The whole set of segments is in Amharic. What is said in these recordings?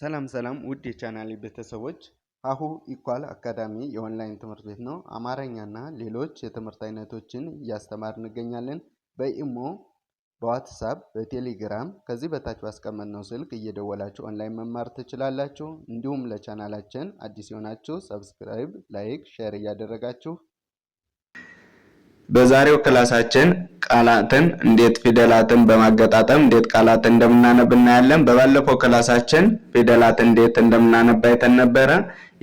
ሰላም ሰላም ውድ የቻናሌ ቤተሰቦች ሀሁ ኢኳል አካዳሚ የኦንላይን ትምህርት ቤት ነው። አማረኛና ሌሎች የትምህርት አይነቶችን እያስተማር እንገኛለን። በኢሞ፣ በዋትሳፕ፣ በቴሌግራም ከዚህ በታች ባስቀመጥነው ስልክ እየደወላችሁ ኦንላይን መማር ትችላላችሁ። እንዲሁም ለቻናላችን አዲስ የሆናችሁ ሰብስክራይብ፣ ላይክ፣ ሼር እያደረጋችሁ በዛሬው ክላሳችን ቃላትን እንዴት ፊደላትን በማገጣጠም እንዴት ቃላትን እንደምናነብ እናያለን። በባለፈው ክላሳችን ፊደላት እንዴት እንደምናነብ አይተን ነበረ።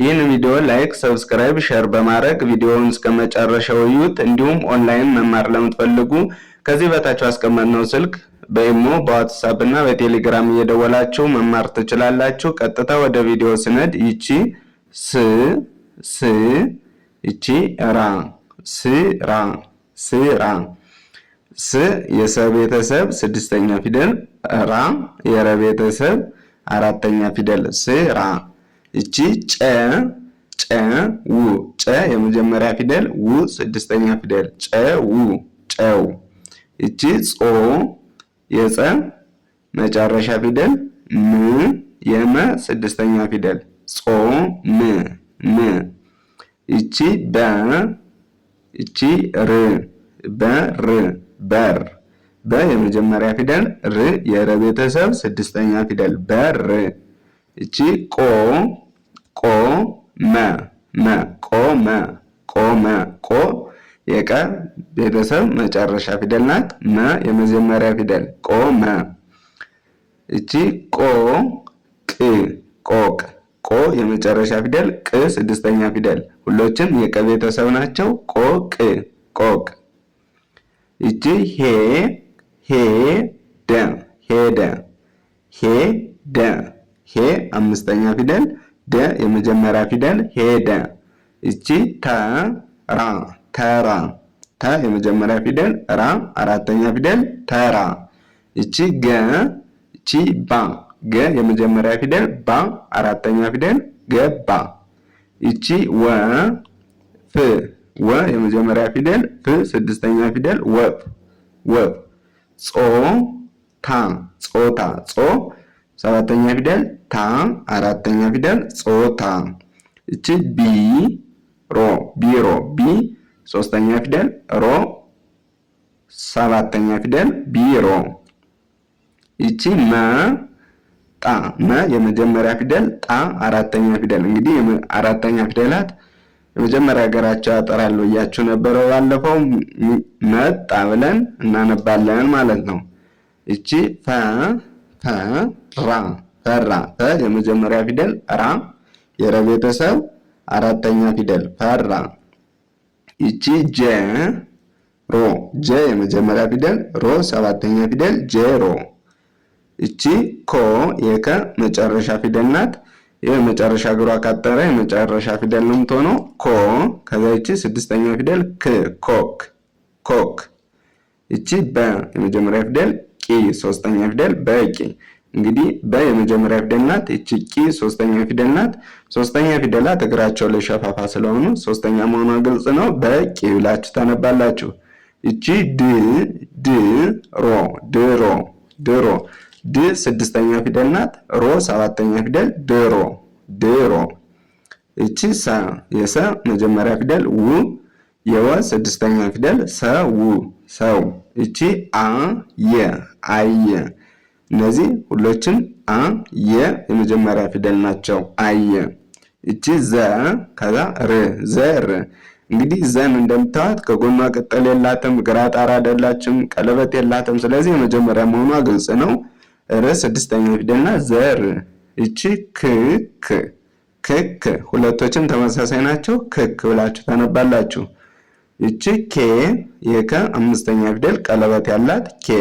ይህን ቪዲዮ ላይክ፣ ሰብስክራይብ፣ ሼር በማድረግ ቪዲዮውን እስከ መጨረሻው እዩት። እንዲሁም ኦንላይን መማር ለምትፈልጉ ከዚህ በታችሁ አስቀመጥነው ስልክ በኢሞ በዋትሳፕ እና በቴሌግራም እየደወላችሁ መማር ትችላላችሁ። ቀጥታ ወደ ቪዲዮ ስነድ ይቺ ስ ስ ይቺ ራ ስራ ስራ ስ የሰ ቤተሰብ ስድስተኛ ፊደል ራ የረ ቤተሰብ አራተኛ ፊደል ስራ። እቺ ጨ ጨ ው ጨ የመጀመሪያ ፊደል ው ስድስተኛ ፊደል ጨ ው ጨው። እቺ ጾ የጸ መጨረሻ ፊደል ም የመ ስድስተኛ ፊደል ጾ ም ም። እቺ በ እቺ ር በር በር በ የመጀመሪያ ፊደል ር የረ ቤተሰብ ስድስተኛ ፊደል በር። እቺ ቆ ቆ መ መ ቆ መ ቆ መ ቆ የቀ ቤተሰብ መጨረሻ ፊደል ናት። መ የመጀመሪያ ፊደል ቆ መ። እቺ ቆ ቅ ቆቅ ቆ የመጨረሻ ፊደል ቅ ስድስተኛ ፊደል ሁሎችም የቀ ቤተሰብ ናቸው። ቆ ቅ ቆቅ እጅ ሄ ሄደ ደ ሄደ ሄ ደ ሄ አምስተኛ ፊደል ደ የመጀመሪያ ፊደል ሄደ። እቺ ተራ ተራ ተ የመጀመሪያ ፊደል ራ አራተኛ ፊደል ተራ። እቺ ገ እቺ ባ ገ የመጀመሪያ ፊደል ባ አራተኛ ፊደል ገባ። እቺ ወ ፍ ወ የመጀመሪያ ፊደል ፕ ስድስተኛ ፊደል ወፍ ወብ ጾ ታ ጾታ ጾ ሰባተኛ ፊደል ታ አራተኛ ፊደል ጾታ። እቺ ቢ ሮ ቢሮ ቢ ሶስተኛ ፊደል ሮ ሰባተኛ ፊደል ቢሮ። እቺ መ ጣ መ የመጀመሪያ ፊደል ጣ አራተኛ ፊደል እንግዲህ አራተኛ ፊደላት የመጀመሪያ ሀገራቸው ያጠራል እያችሁ ነበረው ባለፈው መጣ ብለን እናነባለን ማለት ነው። እቺ ፈ ፈ ራ ፈራ ፈ የመጀመሪያ ፊደል ራ የረ ቤተሰብ አራተኛ ፊደል ፈራ። እቺ ጀ ሮ ጀ የመጀመሪያ ፊደል ሮ ሰባተኛ ፊደል ጄ ሮ። እቺ ኮ የከ መጨረሻ ፊደል ናት። የመጨረሻ እግሯ ካጠረ የመጨረሻ ፊደል ነው የምትሆነው ኮ። ከዛ ይቺ ስድስተኛ ፊደል ክ ኮክ ኮክ። ይቺ በ የመጀመሪያ ፊደል ቂ ሶስተኛ ፊደል በቂ። እንግዲህ በ የመጀመሪያ ፊደል ናት። ይቺ ቂ ሶስተኛ ፊደል ናት። ሶስተኛ ፊደላት እግራቸው ላይ ሸፋፋ ስለሆኑ ሶስተኛ መሆኗ ግልጽ ነው። በቂ ብላችሁ ታነባላችሁ። ይቺ ድ ድ ሮ ድሮ ድሮ ድ ስድስተኛ ፊደል ናት። ሮ ሰባተኛ ፊደል ድሮ ድሮ። እቺ ሰ የሰ መጀመሪያ ፊደል ው የወ ስድስተኛ ፊደል ሰው ሰው። እቺ አ የ አየ። እነዚህ ሁሎችም አ የ የመጀመሪያ ፊደል ናቸው። አየ። እቺ ዘ ከዛ ር ዘር። እንግዲህ ዘን እንደምታዋት ከጎኗ ቅጠል የላትም፣ ግራ ጣራ አይደላችም፣ ቀለበት የላትም። ስለዚህ የመጀመሪያ መሆኗ ግልጽ ነው። ር ስድስተኛ ፊደልና ዘር እቺ ክክ ክክ ሁለቶችም ተመሳሳይ ናቸው። ክክ ብላችሁ ታነባላችሁ። እቺ ኬ የከ አምስተኛ ፊደል ቀለበት ያላት ኬ።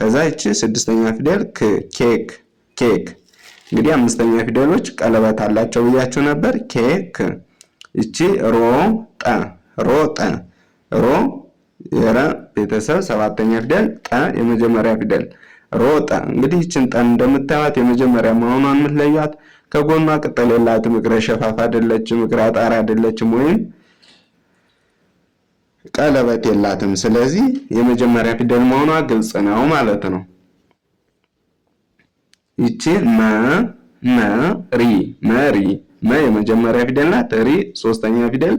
ከዛ እቺ ስድስተኛ ፊደል ክ ኬክ ኬክ። እንግዲህ አምስተኛ ፊደሎች ቀለበት አላቸው ብያችሁ ነበር። ኬክ እቺ ሮ ጠ ሮ ጠ ሮ የረ ቤተሰብ ሰባተኛ ፊደል ጠ የመጀመሪያ ፊደል ሮጠ። እንግዲህ ይችን ጠን እንደምታዩት የመጀመሪያ መሆኗን የምትለዩት ከጎኗ ቅጠል የላትም፣ እግረ ሸፋፍ አይደለችም፣ እግረ አጣሪ አይደለችም፣ ወይም ቀለበት የላትም። ስለዚህ የመጀመሪያ ፊደል መሆኗ ግልጽ ነው ማለት ነው። ይቺ መ መ ሪ መሪ መ የመጀመሪያ ፊደል ናት። ሪ ሶስተኛ ፊደል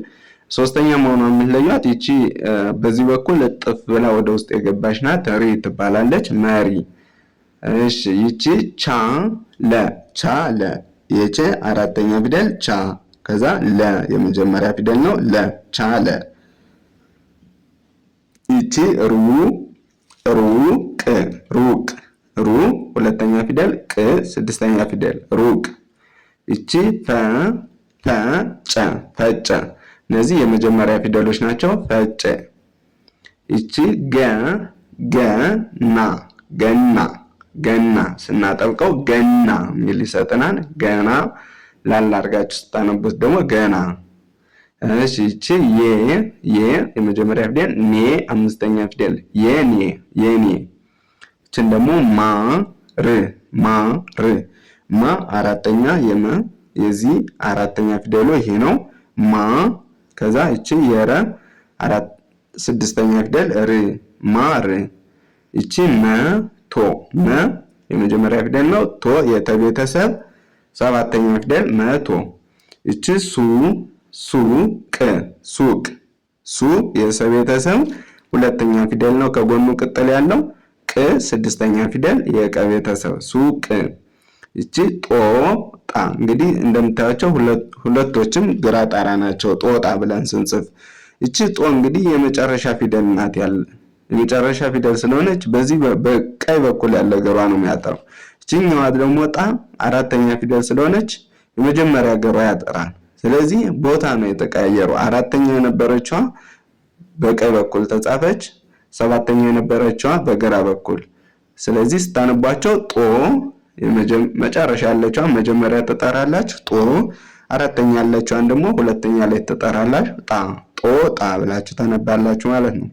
ሶስተኛ መሆኗን የምትለዩት ይቺ በዚህ በኩል እጥፍ ብላ ወደ ውስጥ የገባች ናት። ሪ ትባላለች። መሪ እሺ ይቺ ቻ ለ ቻ ለ የቼ አራተኛ ፊደል ቻ ከዛ ለ የመጀመሪያ ፊደል ነው። ለ ቻ ለ ይቺ ሩ ሩቅ ሩቅ ሩ ሁለተኛ ፊደል ቅ ስድስተኛ ፊደል ሩቅ ይቺ ፈ ፈጨ ፈጨ እነዚህ የመጀመሪያ ፊደሎች ናቸው። ፈጨ ይቺ ገ ገና ገና ገና ስናጠብቀው ገና የሚል ይሰጥናል። ገና ላላ አድርጋችሁ ስታነቡት ደግሞ ገና። እሺ ይቺ የ የ የመጀመሪያ ፊደል ኔ አምስተኛ ፊደል የኔ የኔ። ይችን ደግሞ ማ ር ማ ር ማ አራተኛ የመ የዚህ አራተኛ ፊደሉ ይሄ ነው። ማ ከዛ ይቺ የረ አራት ስድስተኛ ፊደል ር ማር ይቺ መ ቶ መ የመጀመሪያ ፊደል ነው። ቶ የተቤተሰብ ሰባተኛ ፊደል መቶ። እቺ ሱ ሱቅ ሱቅ ሱ የሰቤተሰብ ሁለተኛ ፊደል ነው። ከጎኑ ቅጥል ያለው ቅ ስድስተኛ ፊደል የቀ ሱቅ። እቺ ጦጣ እንግዲህ እንደምታያቸው ሁለቶችም ግራ ጣራ ናቸው። ጦጣ ብለን ስንጽፍ እቺ ጦ እንግዲህ የመጨረሻ ፊደል ናት ያለ የመጨረሻ ፊደል ስለሆነች በዚህ በቀኝ በኩል ያለ ገሯ ነው የሚያጠራው። እችኛዋ ደግሞ ጣ አራተኛ ፊደል ስለሆነች የመጀመሪያ ገሯ ያጠራል። ስለዚህ ቦታ ነው የተቀያየሩ። አራተኛ የነበረችዋ በቀኝ በኩል ተጻፈች፣ ሰባተኛ የነበረችዋ በግራ በኩል። ስለዚህ ስታነቧቸው ጦ መጨረሻ ያለችዋ መጀመሪያ ትጠራላች ጦ፣ አራተኛ ያለችዋን ደግሞ ሁለተኛ ላይ ትጠራላች ጣ። ጦ ጣ ብላችሁ ታነባላችሁ ማለት ነው።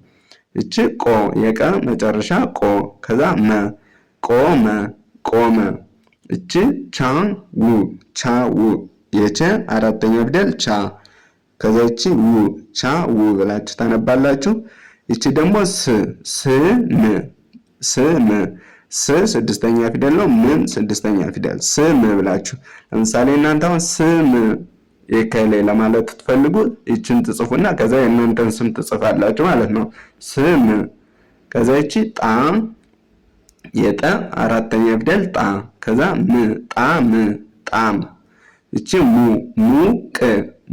እች ቆ የቀ መጨረሻ ቆ ከዛ መ ቆመ ቆመ። እች ቻን ው ቻ ው የቸ አራተኛ ፊደል ቻ ከዛ እቺ ው ቻ ው ብላችሁ ታነባላችሁ። እቺ ደግሞ ስ ስ ም ስ ስ ስድስተኛ ፊደል ነው። ምን ስድስተኛ ፊደል ስም ብላችሁ ለምሳሌ እናንተ አሁን ስም የከሌ ለማለት ትፈልጉ ይችን ትጽፉና ከዛ የእናንተን ስም ትጽፋላችሁ ማለት ነው። ስም ከዛ ይቺ ጣ የጠ አራተኛ ፊደል ጣ ከዛ ም ም ጣም እቺ ሙ ሙቅ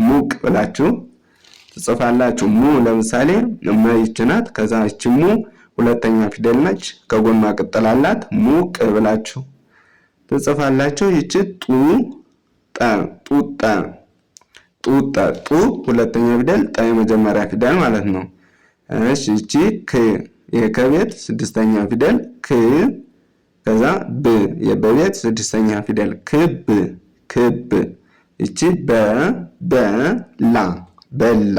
ሙቅ ብላችሁ ትጽፋላችሁ። ሙ ለምሳሌ መ ይች ናት። ከዛ እቺ ሙ ሁለተኛ ፊደል ነች፣ ከጎኗ ቅጥል አላት። ሙቅ ብላችሁ ትጽፋላችሁ። ይቺ ጡ ጠ ጡጠ ጡጣ ጡ ሁለተኛ ፊደል ጣ የመጀመሪያ ፊደል ማለት ነው። እሺ እቺ ክ የከቤት ስድስተኛ ፊደል ክ ከዛ ብ የበቤት ስድስተኛ ፊደል ክብ ክብ። እቺ በ በ ላ በላ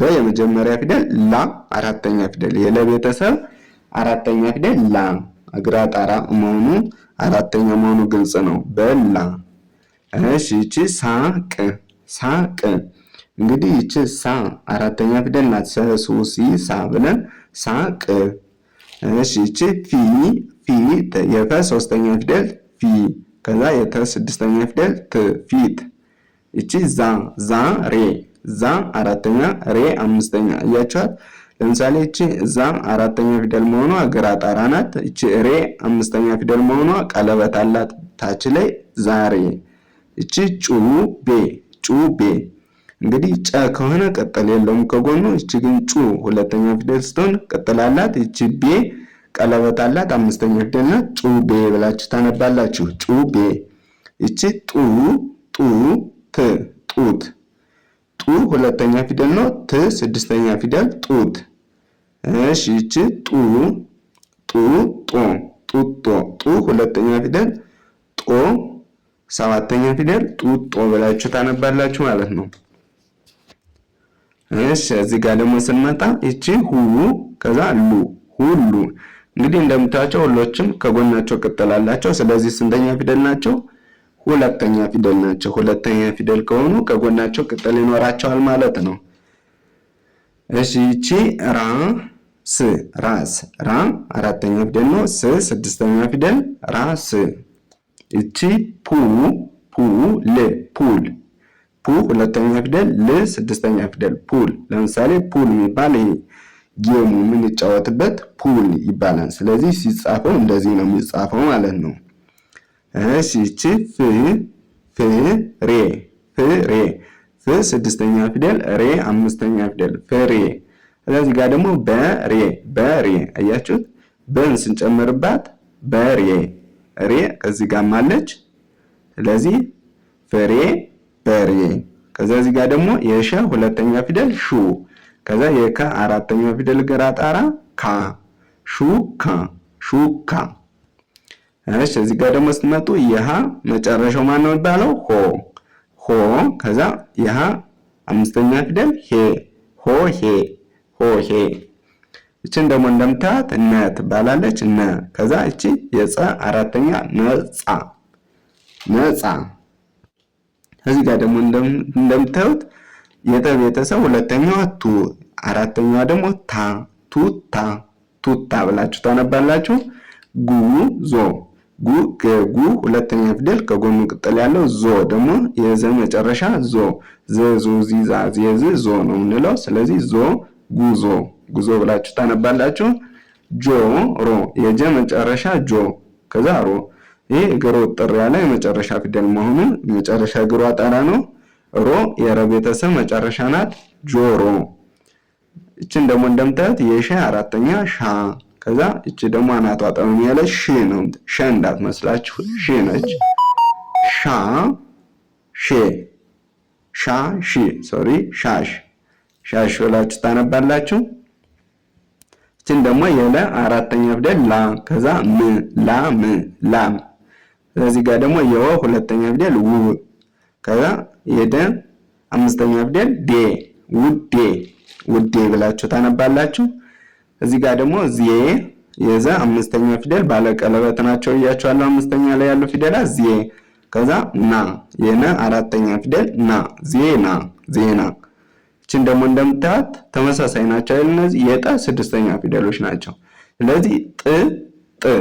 በ የመጀመሪያ ፊደል ላ አራተኛ ፊደል የለቤተሰብ አራተኛ ፊደል ላ እግራ ጣራ መሆኑ አራተኛ መሆኑ ግልጽ ነው። በላ እሺ እቺ ሳቅ ሳቅ እንግዲህ ይች ሳ አራተኛ ፊደል ናት። ሰሱ ሲ ሳ ብለን ሳቅ። እሺ ይች ፊ ፊ የፈ ሶስተኛ ፊደል ፊ ከዛ የተ ስድስተኛ ፊደል ት ፊት። ይቺ ዛ ዛ ሬ ዛ አራተኛ ሬ አምስተኛ እያቸዋት። ለምሳሌ ይቺ ዛ አራተኛ ፊደል መሆኗ ግራ ጣራ ናት። ይቺ ሬ አምስተኛ ፊደል መሆኗ ቀለበት አላት ታች ላይ ዛሬ። ይቺ ጩ ቤ ጩቤ። እንግዲህ ጨ ከሆነ ቀጠል የለውም ከጎኑ። እቺ ግን ጩ ሁለተኛ ፊደል ስትሆን ቅጥል አላት። እቺ ቤ ቀለበት አላት። አምስተኛ ፊደል ናት። ጩቤ ብላችሁ ታነባላችሁ። ጩቤ። እቺ ጡ ጡ ት ጡት። ጡ ሁለተኛ ፊደል ነው። ት ስድስተኛ ፊደል ጡት። እሺ እቺ ጡ ጡ ጦ ጡጦ ጡ ሁለተኛ ፊደል ጦ ሰባተኛ ፊደል ጡጦ ብላችሁ ታነባላችሁ ማለት ነው። እሺ እዚህ ጋር ደግሞ ስንመጣ እቺ ሁሉ ከዛ ሉ ሁሉ። እንግዲህ እንደምታቸው ሁሎችም ከጎናቸው ቅጥል አላቸው። ስለዚህ ስንተኛ ፊደል ናቸው? ሁለተኛ ፊደል ናቸው። ሁለተኛ ፊደል ከሆኑ ከጎናቸው ቅጥል ይኖራቸዋል ማለት ነው። እሺ እቺ ራ ስ ራስ ራ አራተኛ ፊደል ነው። ስ ስድስተኛ ፊደል ራስ እቺ ፑ ፑ ል ፑል ፑ ሁለተኛ ፊደል ል ስድስተኛ ፊደል ፑል። ለምሳሌ ፑል የሚባል ይሄ ጌሙ የምንጫወትበት ፑል ይባላል። ስለዚህ ሲጻፈው እንደዚህ ነው የሚጻፈው ማለት ነው። እሺ እቺ ፍ ፍ ሬ ፍ ፍ ስድስተኛ ፊደል ሬ አምስተኛ ፊደል ፍሬ። ስለዚህ ጋር ደግሞ በሬ በሬ አያችሁት በን ስንጨምርባት በሬ ሬ ከዚህ ጋር ማለች። ስለዚህ ፍሬ በሬ። ከዛ እዚህ ጋር ደግሞ የሸ ሁለተኛ ፊደል ሹ። ከዛ የከ አራተኛ ፊደል ግራ ጣራ ካ ሹካ ሹካ። እሺ እዚህ ጋር ደግሞ ስትመጡ የሃ መጨረሻው ማን ነው የሚባለው? ሆ ሆ። ከዛ የሃ አምስተኛ ፊደል ሄ ሆ ሄ ሆ ሄ እችን ደግሞ እንደምታያት እነ ትባላለች። እነ ከዛ እቺ የፀ አራተኛ ነፃ ነፃ። እዚህ ጋር ደግሞ እንደምታዩት የጠ ቤተሰብ ሁለተኛዋ ቱ፣ አራተኛዋ ደግሞ ታ፣ ቱታ፣ ቱታ ብላችሁ ታነባላችሁ። ዞ ጉ ከጉ ሁለተኛ ፊደል ከጎኑ ቅጠል ያለው ዞ ደግሞ የዘ መጨረሻ ዞ ዘ ዞ ዚ ዛ ዚ ዝ ዞ ነው የምንለው። ስለዚህ ዞ ጉዞ ጉዞ ብላችሁ ታነባላችሁ። ጆ ሮ የጀ መጨረሻ ጆ ከዛ ሮ ይህ እግሮ ጥር ያለ የመጨረሻ ፊደል መሆኑን የመጨረሻ እግሮ አጣራ ነው። ሮ የረ ቤተሰብ መጨረሻ ናት። ጆሮ እችን ደግሞ እንደምታዩት የሸ አራተኛ ሻ ከዛ እቺ ደግሞ አናቷ ጠመም ያለ ሺ ነው። ሸ እንዳትመስላችሁ ሺ ነች። ሻ ሼ ሻ ሺ ሶሪ ሻሽ ሻሽ ብላችሁ ታነባላችሁ። እችን ደግሞ የለ አራተኛ ፊደል ላ ከዛ ም ላ ም ላም። ስለዚህ ጋር ደግሞ የወ ሁለተኛ ፊደል ው ከዛ የደ አምስተኛ ፊደል ዴ ውዴ ውዴ ብላችሁ ታነባላችሁ። እዚህ ጋር ደግሞ ዜ የዘ አምስተኛ ፊደል ባለቀለበት ናቸው እያቸዋለሁ። አምስተኛ ላይ ያሉ ፊደላት ዜ ከዛ ና የነ አራተኛ ፊደል ና ዜና ዜና ይችን ደግሞ እንደምታያት ተመሳሳይ ናቸው እነዚህ የጠ ስድስተኛ ፊደሎች ናቸው። ስለዚህ ጥ ጥ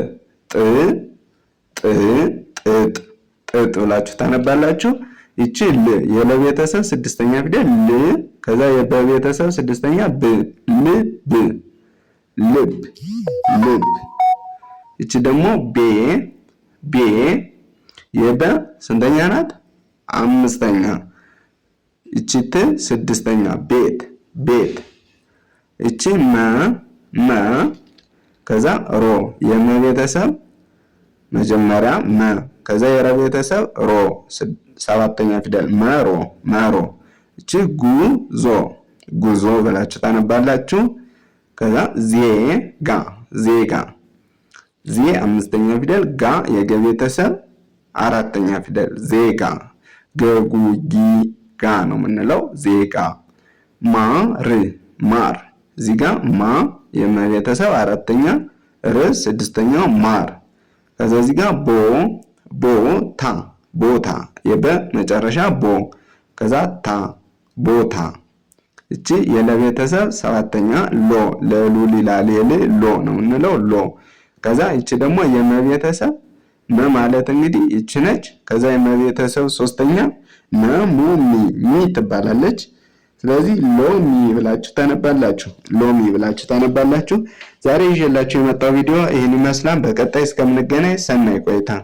ጥ ጥ ጥጥ ጥጥ ብላችሁ ታነባላችሁ። ይቺ ል የለቤተሰብ ስድስተኛ ፊደል ል፣ ከዛ የበቤተሰብ ስድስተኛ ብ ልብ ልብ ልብ። ይቺ ደግሞ ቤ ቤ የበ ስንተኛ ናት? አምስተኛ እችት ስድስተኛ ቤት ቤት እቺ መ መ ከዛ ሮ የመ ቤተሰብ መጀመሪያ መ ከዛ የረ ቤተሰብ ሮ ሰባተኛ ፊደል መሮ መሮ። እቺ ጉዞ ጉዞ ብላችሁ ታነባላችሁ። ከዛ ዜጋ ዜጋ ዜ አምስተኛ ፊደል ጋ የገ ቤተሰብ አራተኛ ፊደል ዜጋ ገጉጊ ጋ ነው የምንለው። ዜጋ ማር ማር እዚህ ማ የመቤተሰብ አራተኛ ር ስድስተኛው ማር። ከዛ እዚህ ቦ ቦታ ቦታ የበ መጨረሻ ቦ ከዛ ታ ቦታ። እቺ የለቤተሰብ ሰባተኛ ሎ ለሉ ሊላሌል ሎ ነው የምንለው ሎ። ከዛ እቺ ደግሞ የመቤተሰብ መ ማለት እንግዲህ እቺ ነች። ከዛ የመቤተሰብ ሶስተኛ ነሙ ሚ ትባላለች። ስለዚህ ሎሚ ብላችሁ ታነባላችሁ። ሎሚ ብላችሁ ታነባላችሁ። ዛሬ ይዤላችሁ የመጣው ቪዲዮ ይህን ይመስላል። በቀጣይ እስከምንገናኝ ሰናይ ቆይታ